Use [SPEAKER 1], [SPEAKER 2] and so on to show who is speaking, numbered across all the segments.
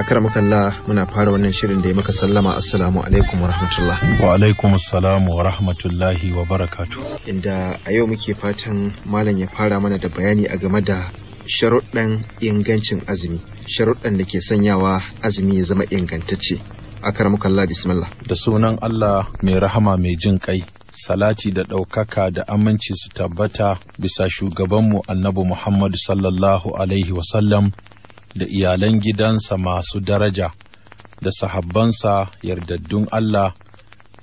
[SPEAKER 1] Allah muna fara wannan shirin da ya maka sallama assalamu alaikum wa rahmatullah wa alaikum assalam wa rahmatullahi wa barakatu inda a yau muke fatan malam ya fara mana da bayani a game da sharuɗan ingancin azumi sharuɗan da ke sanyawa azumi ya zama ingantacce
[SPEAKER 2] Allah bismillah da sunan Allah mai rahama mai jin kai salati da ɗaukaka da aminci su tabbata bisa shugabanmu annabi Muhammadu sallallahu alaihi wasallam da iyalan gidansa masu daraja da sahabbansa yardaddun Allah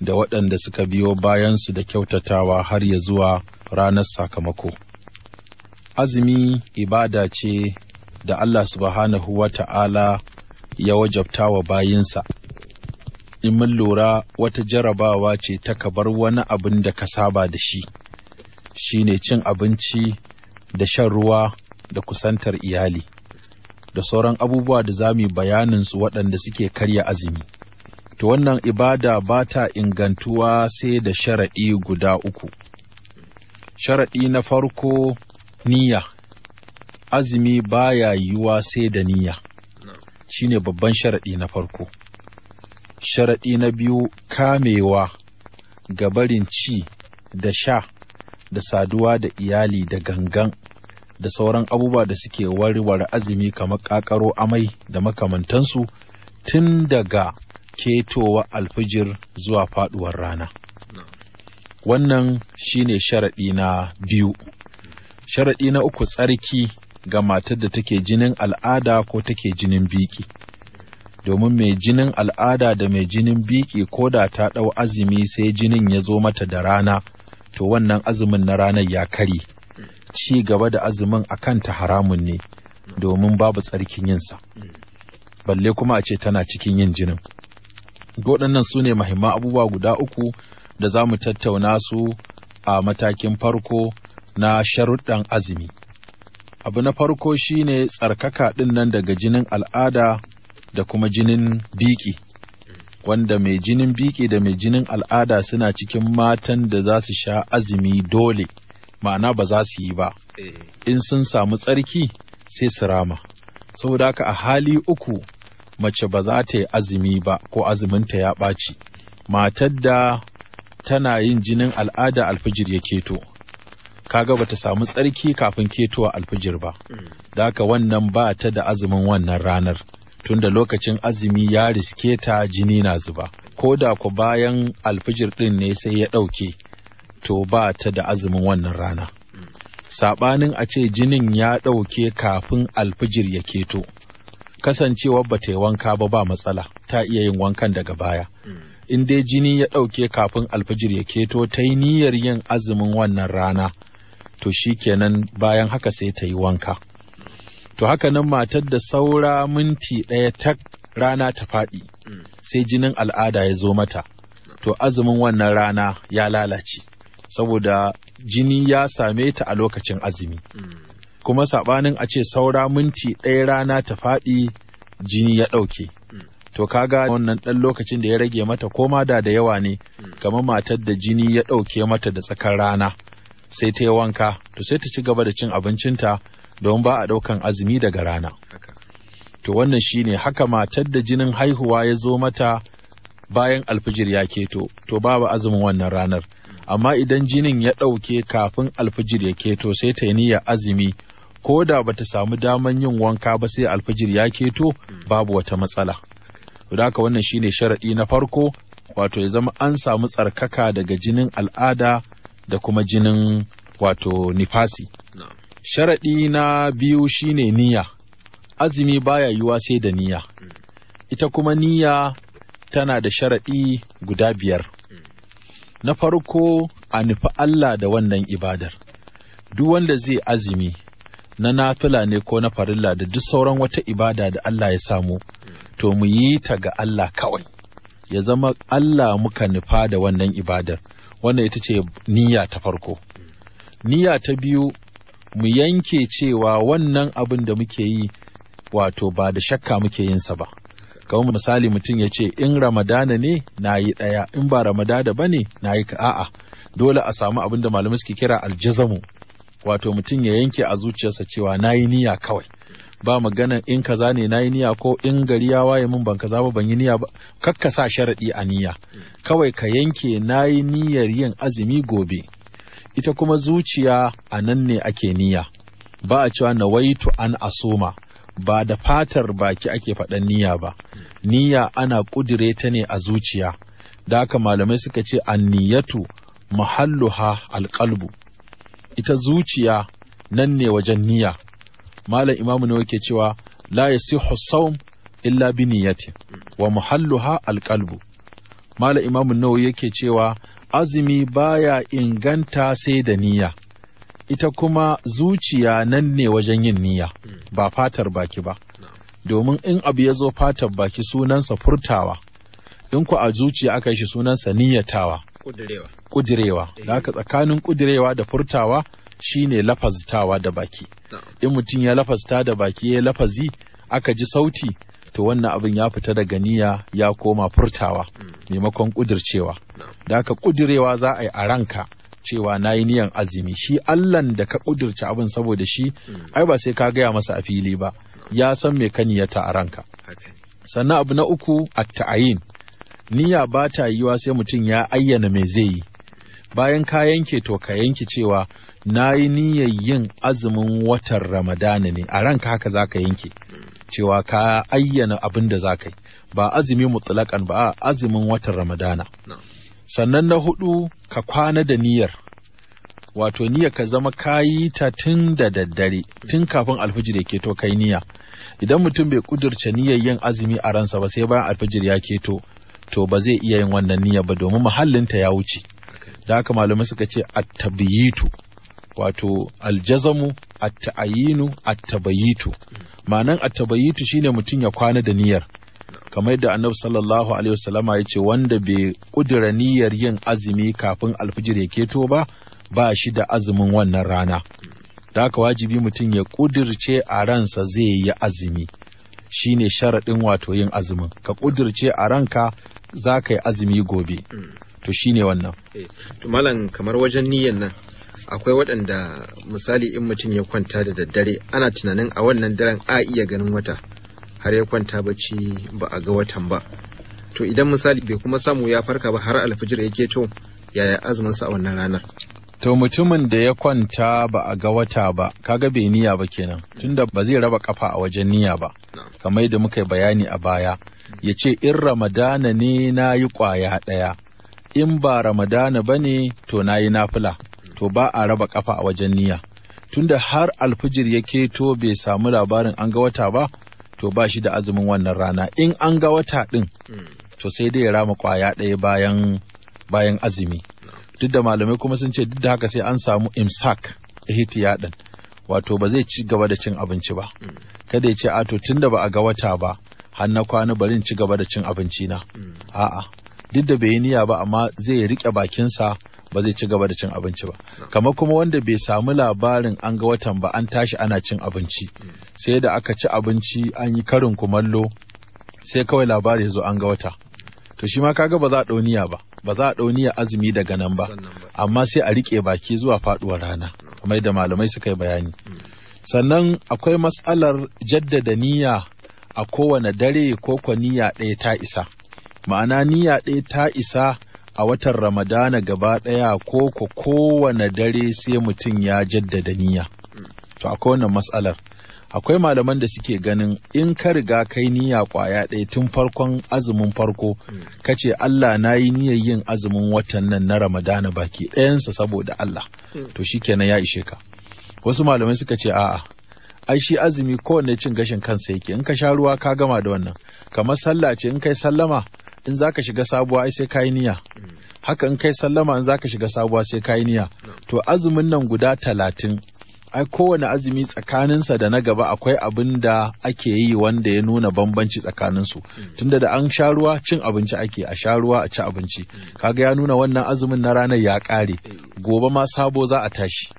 [SPEAKER 2] da waɗanda suka biyo bayansu da kyautatawa har ya zuwa ranar sakamako. Azumi ibada ce da Allah subhanahu wa ta'ala ya wajabta wa bayinsa. In mun lura wata jarabawa ce ta kabar wani abin da ka saba da shi, shi ne cin abinci da shan ruwa da kusantar iyali. da sauran abubuwa da za mu bayanin su waɗanda suke karya azumi. To wannan ibada ba ta ingantuwa sai da sharaɗi guda uku. Sharaɗi na farko niyya, azumi baya yiwuwa sai da niyya, shi ne babban sharaɗi na farko. Sharaɗi na biyu kamewa gabarin ci da sha da saduwa da iyali da gangan da sauran abubuwa da suke warware azumi kamar ƙaƙaro amai da makamantansu tun daga ketowa alfijir zuwa faduwar rana. Wannan shi ne sharaɗi na biyu. Sharaɗi na uku tsarki ga matar da take jinin al'ada ko take jinin biki. Domin mai jinin al'ada da mai jinin biki ko da ta ɗau azumi sai jinin ya zo mata da rana, to wannan azumin na ranar ya karye. ci gaba da azumin a kanta haramun ne domin babu tsarkin yinsa balle kuma a ce tana cikin yin jinin waɗannan su ne mahimman abubuwa guda uku da za mu tattauna su a matakin farko na sharuɗan azumi abu na farko shine tsarkaka ɗin nan daga jinin al'ada da kuma jinin biki wanda mai jinin biki da mai jinin al'ada suna cikin matan da za su sha azumi dole ma'ana ba za su yi ba eh. in sun samu tsarki sai su rama saboda haka a hali uku mace ba za ta yi azumi ba ko azuminta ya ɓaci matar da tana yin jinin al'ada alfijir ya keto kaga ta samu tsarki kafin ketowa alfijir ba hmm. da haka wannan ba ta da azumin wannan ranar tunda lokacin azumi ya riske ta jini na zuba ko da ku bayan alfijir ɗin ne sai ya ɗauke to ba ta da azumin wannan rana saɓanin a ce jinin ya ɗauke kafin alfijir ya keto kasancewar ba ta yi wanka ba ba matsala ta iya yin wankan daga baya mm. in dai jini ya ɗauke kafin alfijir ya keto ta yi niyyar yin azumin wannan rana to shi kenan bayan haka sai ta yi wanka to haka nan matar da saura minti ɗaya ta rana ta faɗi mm. sai jinin al'ada ya zo mata to azumin wannan rana ya lalace saboda jini ya same ta a lokacin azumi hmm. kuma saɓanin a ce saura minti ɗaya rana ta faɗi jini ya ɗauke hmm. to kaga wannan ɗan lokacin da ya rage mata koma da da yawa ne hmm. kamar matar da jini ya ɗauke mata da tsakar rana sai ta yi wanka to sai ta ci gaba da cin abincinta don ba a ɗaukan azumi daga rana to wannan shine haka matar da jinin haihuwa ya zo mata bayan alfijir ya keto to babu azumin wannan ranar amma idan jinin ya ɗauke kafin alfijir ya keto sai ta yi niyyar azumi ko da bata samu daman yin wanka ba sai alfijir ya keto babu wata matsala. Don haka wannan shine sharaɗi na farko wato ya zama an samu tsarkaka daga jinin al'ada da kuma jinin wato nifasi. Sharaɗi na biyu shine niyya. Azumi baya yiwa sai da niyya. Mm. Ita kuma niyya tana da sharaɗi guda biyar. Na farko a nufi Allah da wannan ibadar, duk wanda zai azumi na nafila ne ko na farilla da duk sauran wata ibada da Allah ya samu, to mu yi ta ga Allah kawai, ya zama Allah muka nufa da wannan ibadar, wannan ita ce niyya ta farko. Niyya ta biyu, mu yanke cewa wannan abin da muke yi wato ba da shakka muke yinsa ba. kamar misali mutum ya ce in ramadana ne na yi ɗaya in ba ramadana ba ne na yi a'a dole a samu abin da malamai suke kira aljazamu wato mutum ya yanke a zuciyarsa cewa na yi niyya kawai ba magana in kaza ne na yi niyya ko in gari ya waye min ban kaza ba ban yi niyya ba kakka sa sharaɗi a niyya kawai ka yanke na yi niyyar yin azumi gobe ita kuma zuciya a nan ne ake niyya ba a cewa na waitu an asoma ba da fatar baki ake faɗan niyya ba niyya ana ƙudire ta ne a zuciya da aka malamai suka ce anniyatu mahalluha alƙalbu ita zuciya nan ne wajen niyya malam imamu ne wake cewa la yasihu sawm illa bi niyyati wa muhalluha alƙalbu malam imamu nawawi yake cewa azumi baya inganta sai da niyya ita kuma zuciya nan ne wajen yin niyya ba fatar baki ba domin in abu ya zo fatar baki sunansa furtawa in ku a zuciya aka yi shi sunansa niyyatawa kudirewa eh. da haka tsakanin kudirewa da furtawa shine lafazitawa da baki in mutum ya lafazta da baki ya lafazi aka ji sauti to wannan abin ya fita daga niyya ya koma furtawa hmm. maimakon kudircewa da haka kudirewa za a yi a ranka cewa na yi niyan azumi shi Allahn da ka ƙudurci abin saboda shi ai ba sai ka gaya masa a fili ba ya san me ka niyyata a ranka sannan abu na uku a ta'ayin niyya ba ta yiwa sai mutum ya ayyana me zai yi bayan ka yanke to ka yanke cewa na yi niyyar yin azumin watan ramadana ne a ranka haka za ka yanke cewa ka ayyana abin da za ka yi ba azumi mutulakan ba azumin watan ramadana no. sannan na hudu ka kwana da niyyar wato niyar ka zama kayi ta tun da daddare tun kafin alfijir ya keto kai niyya idan mutum bai kudurce niyyar yin azumi a ransa ba sai bayan alfijir ya keto to ba zai iya yin wannan niyyar ba domin muhallinta ya wuce da haka malamai suka ce at-tabyitu wato aljazamu atta'ayinu attabayitu ma'anan attabayitu shine mutum ya kwana da niyyar kamar yadda annabi sallallahu alaihi wasallama ya ce wanda bai kudura niyyar yin azumi kafin alfijir ya keto ba ba shi da azumin wannan rana da haka wajibi mutum ya kudirce a ransa zai yi azumi shine sharaɗin wato yin azumin ka kudirce a ranka za ka yi azumi gobe to shine wannan
[SPEAKER 1] eh, to malam kamar wajen niyyar nan akwai waɗanda misali in mutum ya kwanta da daddare ana tunanin a wannan daren a iya ganin wata har ya kwanta bacci ba a ga watan ba to idan misali bai kuma samu ya farka ba har alfajir yake to yaya azumin sa a
[SPEAKER 2] wannan ranar to mutumin da ya kwanta ba a ga wata ba kaga bai niyya ba kenan tunda ba zai raba kafa a wajen niyya ba kamar yadda muka bayani a baya ya ce in ramadana ne na yi kwaya ɗaya in ba ramadana ba ne to na yi nafila to ba a raba kafa a wajen niyya tunda har alfijir ya keto bai samu labarin an ga wata ba to ba shi da azumin wannan rana in an ga wata ɗin hmm. to sai dai ya rama kwaya ɗaya bayan bayan azumi duk da malamai kuma sun ce duk da haka sai an samu imsak ihtiya ɗin wato ba zai ci gaba da cin abinci ba hmm. kada ya ce a to tunda ba a ga wata ba har na kwana bari ci gaba da cin abinci na hmm. a'a duk da bai yi niyya ba amma zai riƙe bakinsa ba zai ci gaba da cin abinci ba kamar kuma wanda bai samu labarin an ga watan ba an tashi ana cin abinci sai da aka ci abinci an yi karin kumallo sai kawai labari ya zo an ga wata to shi ma kaga ba za a ɗauniya ba ba za a ɗauniya azumi daga nan ba amma sai a rike baki zuwa faduwar rana kamar da malamai suka yi bayani sannan akwai matsalar jaddada niyya a kowane dare ko kwa niyya ɗaya ta isa ma'ana niyya ɗaya ta isa a watan ramadana gaba ɗaya ko ko kowane dare sai mutum ya jaddada niyya to akwai wannan matsalar akwai malaman da suke ganin in ka riga kai niyya kwaya ɗaya tun farkon azumin farko ka ce Allah na yi niyyar yin azumin watan nan na Ramadana baki ɗayansa saboda Allah to kenan ya ishe ka wasu malamai suka ce a'a ai shi azumi kowanne cin gashin kansa yake in ka sha ruwa ka gama da wannan kamar sallah ce in kai sallama in za ka shiga sabuwa sai ka yi niyya haka in kai sallama in za ka shiga sabuwa sai ka yi niyya to azumin nan guda talatin ai kowane azumi tsakaninsa da na gaba akwai abin da ake yi wanda ya nuna bambanci tsakaninsu su tunda da an sha ruwa cin abinci ake a sha ruwa a ci abinci kaga ya nuna wannan azumin na ranar ya kare gobe ma sabo za a tashi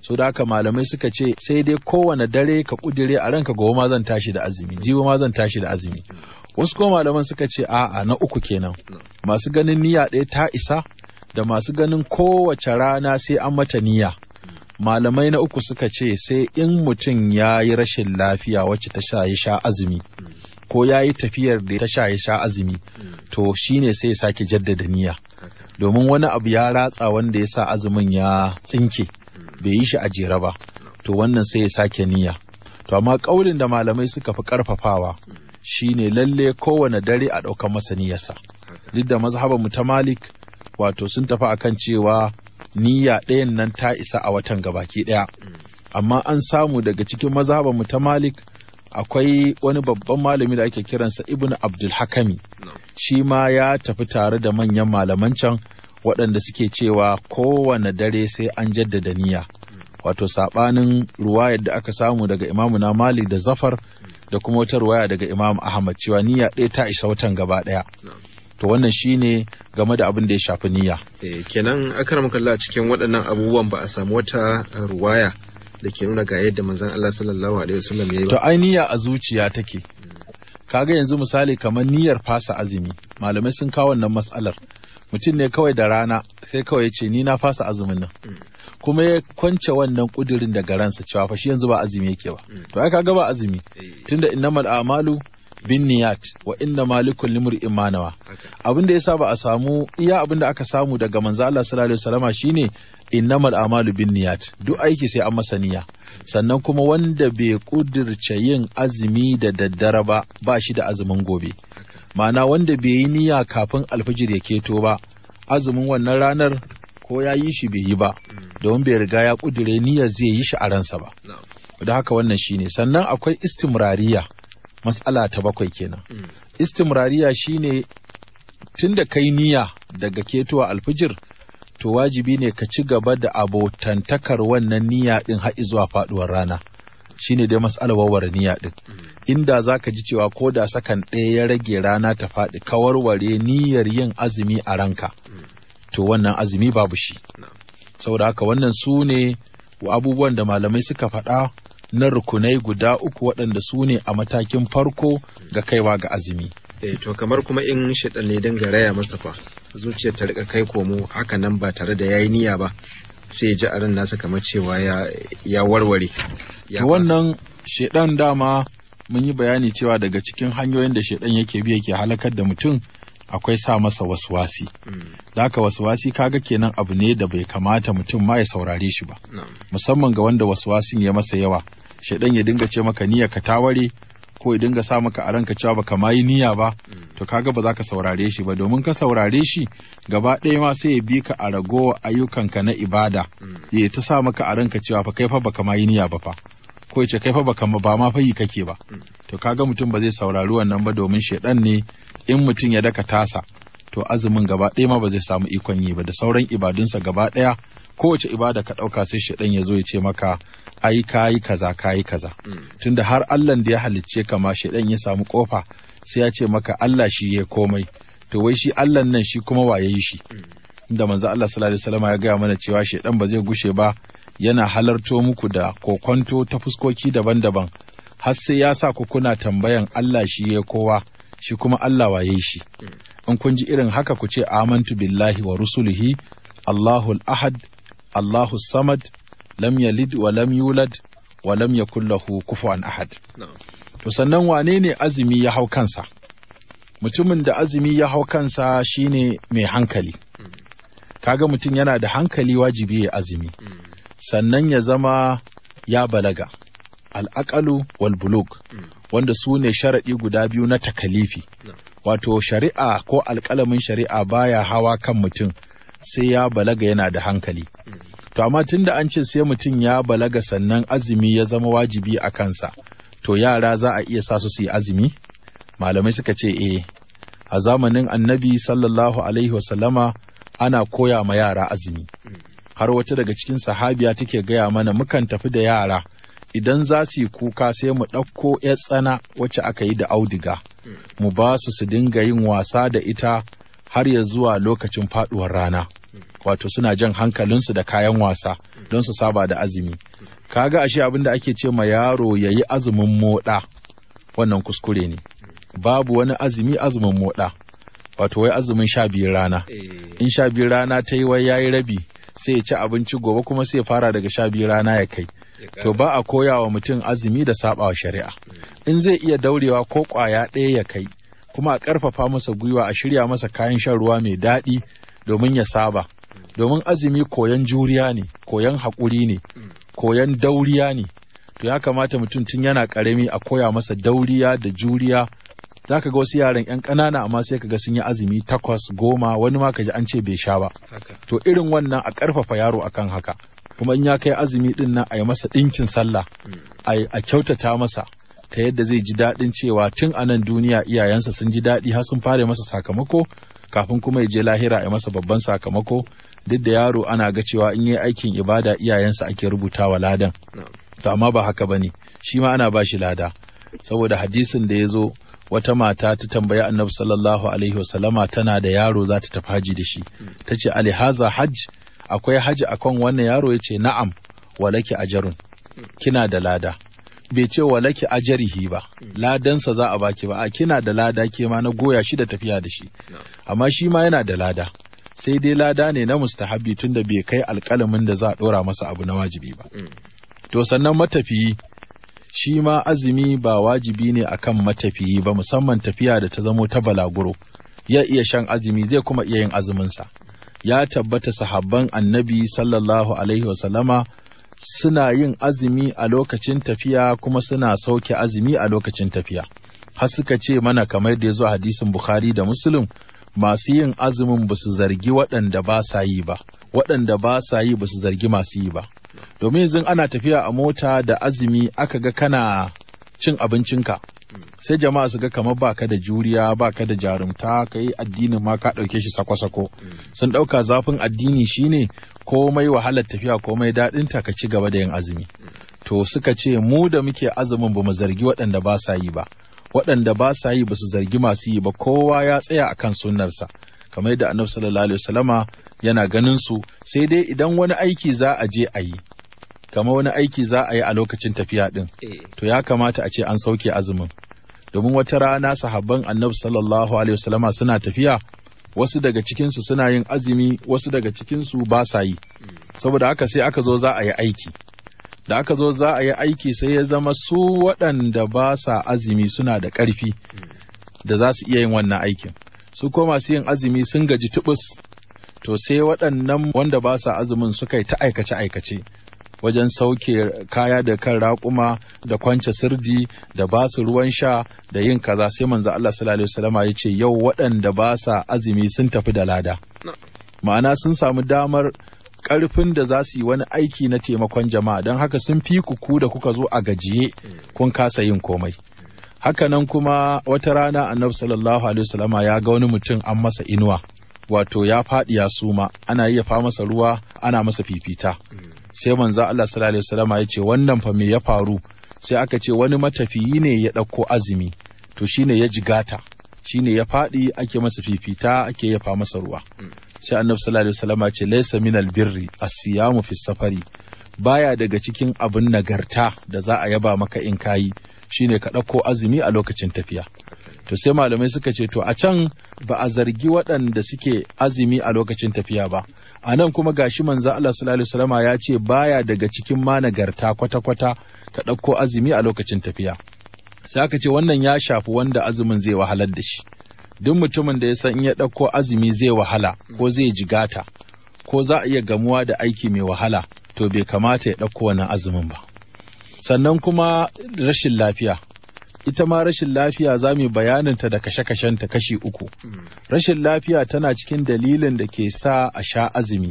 [SPEAKER 2] so da haka malamai suka ce sai dai kowane dare ka kudire a ranka gobe ma zan tashi da azumi jibi ma zan tashi da azumi wasu kuma malaman suka ce a'a na uku kenan masu ganin niyya ɗaya ta isa da masu ganin kowace rana sai an mata niyya malamai na uku suka ce sai in mutum ya yi rashin lafiya wacce ta sha sha azumi ko ya yi tafiyar da ta sha sha azumi to shine sai ya sake jaddada niyya domin wani abu ya ratsa wanda ya sa azumin ya tsinke bai yi shi a jere ba to wannan sai ya sake niyya to amma ƙaurin da malamai suka fi karfafawa. shine lalle kowane dare a ɗaukar masa niyyarsa duk da mazhaban mu ta Malik wato sun tafi akan cewa niyya ɗayan nan ta isa a watan gabaki ɗaya mm. amma an samu daga cikin mazhaban mu ta Malik akwai wani babban malami da ake kiransa Ibn Abdul Hakami shi ma ya tafi tare da manyan malaman can waɗanda suke cewa kowane dare sai an jaddada niyya mm. wato saɓanin ruwayar da aka samu daga imamu na Malik da Zafar mm. da kuma wata ruwaya daga Imam Ahmad cewa niyya ɗaya ta isa watan gaba ɗaya. To wannan shi ne game da abin da ya shafi niyya.
[SPEAKER 1] Eh, kenan akaram kalla cikin waɗannan abubuwan ba a
[SPEAKER 2] samu wata ruwaya da ke nuna ga yadda manzan Allah sallallahu alaihi wasallam ya yi ba. To ai niyya a zuciya take. Kaga yanzu misali kamar niyyar fasa azumi malamai sun kawo wannan matsalar mutum ne kawai da rana sai kawai ya ce ni na fasa azumin nan. Mm. kuma ya kwance wannan kudirin daga ransa cewa fa yanzu ba azumi yake ba mm. to ai kaga ba azumi eh. tunda innamal a'malu bin niyat wa inna malikul limri imanawa abin da yasa ba a samu iya abinda aka samu daga manzo Allah sallallahu alaihi wasallama shine innamal a'malu bin niyat duk aiki sai an masa niyya sannan kuma wanda bai kudirce yin azumi da daddare ba ba shi da azumin gobe ma'ana wanda bai yi niyya kafin alfijir ya keto ba azumin wannan ranar ko ya yi shi bai yi ba mm. don bai riga ya kudure niyyar zai yi shi a ransa ba da haka wannan shine sannan akwai istimrariya matsala ta bakwai kenan hmm. istimrariya shine tunda kai niyya daga ketowa alfijir to wajibi ne ka ci gaba da abotantakar wannan niyya din har zuwa faduwar rana shine dai matsalar warware niyya din hmm. inda zaka ji cewa ko da sakan ɗaya ya rage rana ta faɗi ka warware niyyar yin azumi a ranka hmm. to wannan azumi babu shi saboda haka wannan su ne wa abubuwan da malamai suka faɗa na rukunai guda uku waɗanda su ne a matakin farko ga kaiwa ga azumi.
[SPEAKER 1] Eh, to kamar kuma in shaɗan ne dinga raya masa fa zuciyar ta rika kai komo haka nan ba tare da yayi niyya ba sai ji a ran
[SPEAKER 2] nasa kamar cewa ya ya warware. wannan shaɗan dama mun yi bayani cewa daga cikin hanyoyin da shaɗan yake bi yake halakar da mutum akwai sa masa waswasi hmm. da haka waswasi kaga kenan abu ne da bai kamata mutum ma ya saurare shi ba musamman ga wanda waswasin ya masa yawa shaidan ya dinga ce maka niyya ka taware ko ya dinga sa maka a ranka cewa baka ma yi niyya ba hmm. to kaga ba za ka saurare shi ba domin ka saurare shi gaba ɗaya ma sai ya bi ka a ragowa ka na ibada hmm. ya ta sa maka a ranka cewa fa kai fa baka ma yi niyya ba fa ko ya ce kai fa baka ba ma fa yi kake ba to kaga mutum ba zai saurari wannan ba domin shaidan ne in mutum ya daka tasa to azumin gaba ɗaya ma ba zai samu ikon yi ba da sauran ibadunsa gaba ɗaya kowace ibada ka ɗauka sai shaɗan ya zo ya ce maka ai kayi kaza kayi kaza hmm. tunda har Allah da ya halicce ka ma shaɗan ya samu kofa sai ya ce maka Allah shi ya komai to wai shi Allah nan shi kuma wa ya yi shi mm. inda manzo Allah sallallahu alaihi wasallam ya gaya mana cewa shaɗan ba zai gushe ba yana halarto muku da kokwanto ta fuskoki daban-daban har sai ya sa ku kuna tambayan Allah shi ya kowa shi kuma Allah waye shi in kun ji irin haka ku ce amantu billahi wa rusulihi Allahul ahad Allahu samad lam yalid wa lam yulad wa lam yakul lahu kufuwan ahad to sannan wane ne azumi ya hau kansa mutumin da azumi ya hau kansa shine mai hankali kaga mutum yana da hankali wajibi ya azumi sannan ya zama ya balaga al Al-aqalu wal buluk. Mm. wanda su ne sharaɗi guda biyu na takalifi wato shari'a ko alƙalamin shari'a baya hawa kan mutum sai ya balaga yana da hankali to amma tun da an ce sai mutum ya balaga sannan azumi ya zama wajibi a kansa to yara za a iya sa su su yi azumi malamai suka ce e, a zamanin annabi sallallahu alaihi wasallama ana koya ma yara azumi har wata daga cikin sahabiya take gaya mana mukan tafi da yara idan za su yi kuka sai mu ɗauko ‘yar tsana wacce aka yi da audiga, hmm. mu ba su su dinga yin wasa da ita har ya zuwa lokacin faɗuwar rana. Hmm. Wato suna jan hankalinsu da kayan wasa hmm. don su saba da azumi. Kaga ashe abin da ake ce ma yaro ya yi azumin moɗa, wannan kuskure ne. Babu wani azumi azumin moɗa, wato wai azumin sha biyu rana. Eh. In sha biyu rana ta yi wai ya yi rabi, sai ya ci abinci gobe kuma sai ya fara daga sha biyu rana ya kai. to ba a koya wa mutum azumi da wa shari'a in zai iya daurewa ko kwaya ɗaya ya kai kuma a ƙarfafa masa gwiwa a shirya masa kayan shan ruwa mai daɗi domin ya saba domin azumi koyan juriya ne koyan haƙuri ne koyan dauriya ne to ya kamata mutum tun yana ƙarami a koya masa dauriya da juriya za ka ga wasu yaran 'yan ƙanana amma sai ka ga sun yi azumi takwas goma wani ma ka ji an ce bai sha ba to irin wannan a ƙarfafa yaro akan haka kuma in ya kai azumi din nan a yi masa ɗinkin sallah a kyautata masa ta yadda zai ji daɗin cewa tun a nan duniya iyayensa sun ji daɗi har sun fara masa sakamako kafin kuma ya je lahira a masa babban sakamako duk da yaro ana ga cewa in yi aikin ibada iyayensa ake rubuta wa ladan to amma ba haka bane shi ma ana ba shi lada saboda hadisin da ya zo wata mata ta tambayi annabi sallallahu alaihi wasallama tana da yaro za ta tafi haji da shi ta ce alihaza hajj akwai haji akan wannan yaro ya ce na'am walaki ajarun kina da lada bai ce walaki ajarihi ba ladansa za a baki ba a kina da lada ke ma na goya shi da tafiya da shi amma shi ma yana da lada sai dai lada ne na mustahabi tunda bai kai alƙalamin da za a ɗora masa abu na wajibi ba mm. to sannan matafiyi shi ma azumi ba wajibi ne akan matafiyi ba musamman tafiya da ta zamo ta balaguro ya iya shan azumi zai kuma iya yin azuminsa ya tabbata sahabban annabi sallallahu alaihi wasallama suna yin azumi a lokacin tafiya kuma suna sauke azumi a lokacin tafiya har suka ce mana kamar da ya zo hadisin bukhari da muslim masu yin azumin ba su zargi waɗanda ba sa yi ba waɗanda ba sa yi ba su zargi masu yi ba domin yanzu ana tafiya a mota da azumi aka ga kana cin abincinka sai jama'a su ga kamar baka da juriya baka da jarumta kai addinin ma ka ɗauke shi sako-sako sun ɗauka zafin addini shine komai wahalar tafiya komai daɗin ta ka ci gaba da yin azumi to suka ce mu da muke azumin ba mu zargi waɗanda ba sa yi ba waɗanda ba sa yi ba su zargi masu yi ba kowa ya tsaya akan sunnarsa kamar yadda annabi sallallahu alaihi wasallama yana ganin su sai dai idan wani aiki za a je a yi kamar wani aiki za a yi a lokacin tafiya din. Eh. to ya kamata a ce an sauke azumin domin wata rana sahabban annabi sallallahu alaihi wasallama suna tafiya wasu daga cikinsu suna yin azumi wasu daga cikinsu ba sa yi hmm. saboda haka sai aka zo za a yi aiki da aka zo za a yi aiki sai ya zama su waɗanda ba sa azumi suna da ƙarfi hmm. da za su iya yin wannan aikin su ko masu yin azumi sun gaji tubus to sai waɗannan wanda ba sa azumin suka yi ta aikace aikace wajen sauke kaya da kan raƙuma da kwance sirdi da ba su ruwan sha da yin kaza sai manzo Allah sallallahu alaihi wasallama ya ce yau waɗanda ba sa azumi sun tafi da lada ma'ana sun samu damar karfin da za su yi wani aiki na taimakon jama'a don haka sun fi ku da kuka zo a gajiye kun kasa yin komai Haka nan kuma wata rana annabi sallallahu alaihi wasallama ya ga wani mutum an masa inuwa wato ya faɗi ya suma ana iya fa masa ruwa ana masa fifita mm. sai manzo Allah sallallahu alaihi wasallama ya ce wannan fa me ya faru sai aka ce wani matafiyi ne ya ɗauko azumi to shine ya jigata shine ya faɗi ake masa fifita ake yafa masa ruwa sai annabi sallallahu alaihi wasallama ce laysa minal birri as-siyamu fi safari baya daga cikin abin nagarta da za a yaba maka in kayi shine ka ɗauko azumi a lokacin tafiya to sai malamai suka ce to a can ba a zargi waɗanda suke azumi a lokacin tafiya ba a nan kuma gashi manzo Allah sallallahu alaihi ya ce baya daga cikin ma nagarta kwata-kwata ka ɗauko azumi a lokacin tafiya sai aka ce wannan ya shafi wanda azumin zai wahalar da shi duk mutumin da ya san in ya ɗauko azumi zai wahala ko zai jigata ko za a iya gamuwa da aiki mai wahala to bai kamata ya ɗauko wannan azumin ba sannan kuma rashin lafiya ita ma rashin lafiya za mu ta da kashe ta kashi uku. Rashin lafiya tana cikin dalilin da ke sa a sha azumi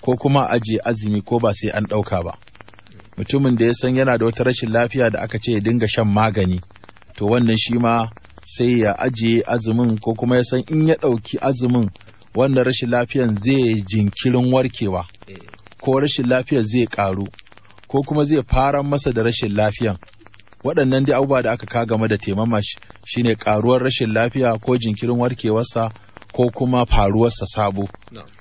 [SPEAKER 2] ko kuma ajiye azumi ko ba sai an ɗauka ba. Mutumin da ya san yana da wata rashin lafiya da aka ce ya dinga shan magani, to wannan shi ma sai ya ajiye azumin ko kuma ya san in ya ɗauki azumin wannan rashin lafiyan zai jinkirin warkewa eh. ko rashin lafiyar zai ƙaru ko kuma zai fara masa da rashin lafiyan. waɗannan dai abubuwa da aka ka game da taimama shine ƙaruwar rashin lafiya ko jinkirin warkewarsa ko kuma faruwarsa sabo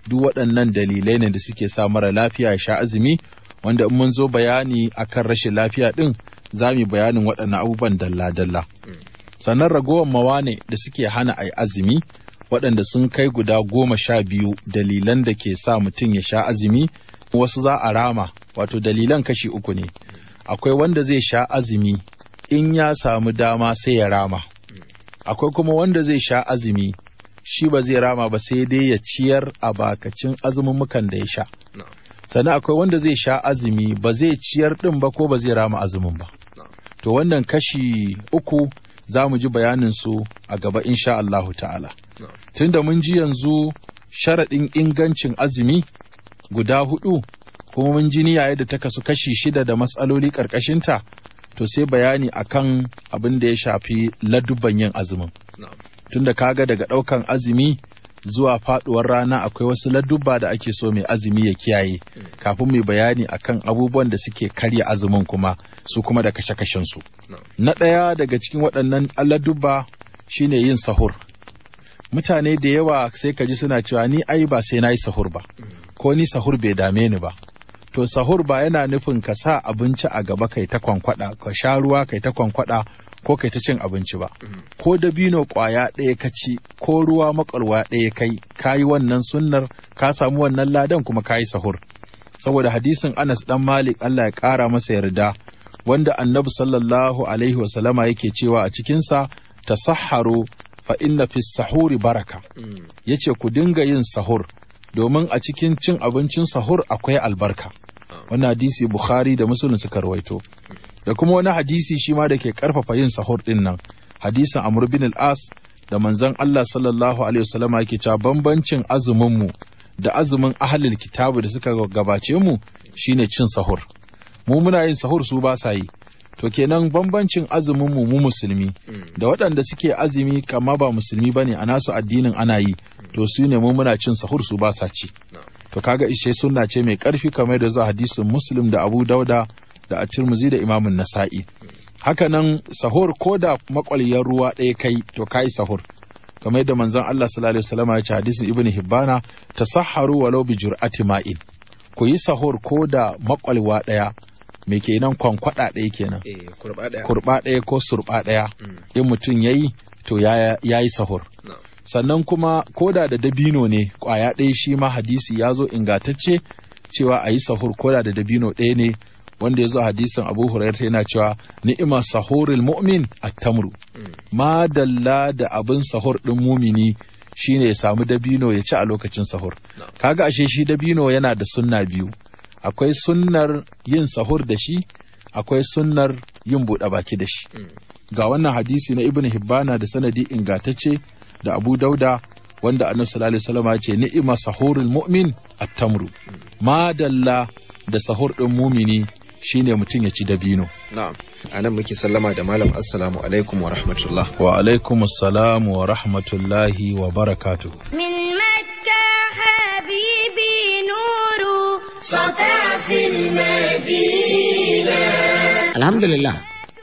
[SPEAKER 2] duk waɗannan dalilai ne da suke sa mara lafiya ya sha azumi wanda in mun zo bayani akan rashin lafiya ɗin za mu bayanin waɗannan abubuwan dalla-dalla mm. sannan ragowar mawane da suke hana a azumi waɗanda sun kai guda goma sha biyu dalilan da ke sa mutum ya sha azumi wasu za a rama wato dalilan kashi uku ne mm. akwai wanda zai sha azumi in ya samu dama sai ya rama akwai kuma wanda zai sha azumi shi ba zai rama ba sai dai ya ciyar a bakacin mukan da ya sha sannan akwai wanda zai sha azumi ba zai ciyar ɗin ba ko ba zai rama azumin ba to wannan kashi uku za mu ji bayanin su a gaba insha Allahu ta'ala tunda mun ji yanzu sharaɗin ingancin azumi guda hudu kuma mun ji niyya yadda ta kasu kashi shida da matsaloli ƙarƙashinta to sai bayani akan abin da ya shafi ladubban yin azumin tunda kaga daga ɗaukan azumi zuwa faɗuwar rana akwai wasu ladubba da ake so mai azumi ya kiyaye hmm. kafin mai bayani akan abubuwan da suke karya azumin kuma su kuma da kashe-kashen su na ɗaya daga cikin waɗannan ladubba shine yin sahur mutane da yawa sai ka ji suna cewa ni ai ba sai na yi sahur ba hmm. ko ni sahur bai dame ni ba to sahur ba yana nufin ka sa abinci a gaba kai ta kwankwada ka sha ruwa kai ta kwankwada ko kai ta cin abinci ba mm. ko dabino kwaya ɗaya ka ci ko ruwa makalwa ɗaya kai ka yi wannan sunnar ka samu wannan ladan kuma ka yi sahur saboda hadisin Anas dan Malik Allah ya ƙara masa yarda wanda annabi sallallahu alaihi wasallama yake cewa a cikinsa tasahharu fa inna fi sahuri baraka mm. yace ku dinga yin sahur domin a cikin cin abincin sahur akwai albarka wannan hadisi bukhari da musulun suka rawaito da kuma wani hadisi shi ma da ke karfafa yin sahur din nan hadisin amr bin al-as da manzon Allah sallallahu alaihi wasallam yake cewa bambancin azumin mu da azumin ahlul kitabu da suka gabace mu shine cin sahur mu muna yin sahur su ba sa yi to kenan bambancin azumin mu mu musulmi da waɗanda suke azumi kama ba musulmi bane a nasu addinin ana yi to su ne mu muna cin sahur su ba sa ci to kaga ishe sunna ce mai karfi kamar da za hadisin muslim da abu dauda da a cirmuzi da imamun nasa'i nan sahur ko da makwaliyar ruwa ɗaya kai to kai sahur kamar da manzon Allah sallallahu alaihi wasallam ya ce hadisin Ibn hibbana tasahharu walau bi jur'ati ma'in ku yi sahur ko da makwalwa ɗaya me ke nan kwankwada ɗaya kenan eh, kurba ɗaya ko surba ɗaya mm. in mutum yayi to yayi sahur sannan kuma koda da dabino ne kwaya ɗaya shi ma hadisi ya zo ingatacce cewa a yi sahur koda da dabino ɗaya ne wanda ya zo hadisin abu hurairu yana cewa ni'ima sahuril mu'min a tamru hmm. ma dalla da abin sahur ɗin mumini shine ya samu dabino ya ci a lokacin sahur kaga ashe shi dabino yana da sunna biyu akwai sunnar yin sahur da shi akwai sunnar yin buɗe baki da shi hmm. ga wannan hadisi na ibn hibbana da sanadi ingatacce da abu dauda wanda annabi sallallahu alaihi wasallam ya ce ni'ima sahurul mu'min at-tamru madalla da sahur din mumini shine mutum ya ci dabino
[SPEAKER 1] na'am anan muke sallama da malam assalamu alaikum
[SPEAKER 2] wa rahmatullah wa alaikum assalam wa rahmatullahi wa barakatuh min makka habibi nuru sata fil madina
[SPEAKER 1] alhamdulillah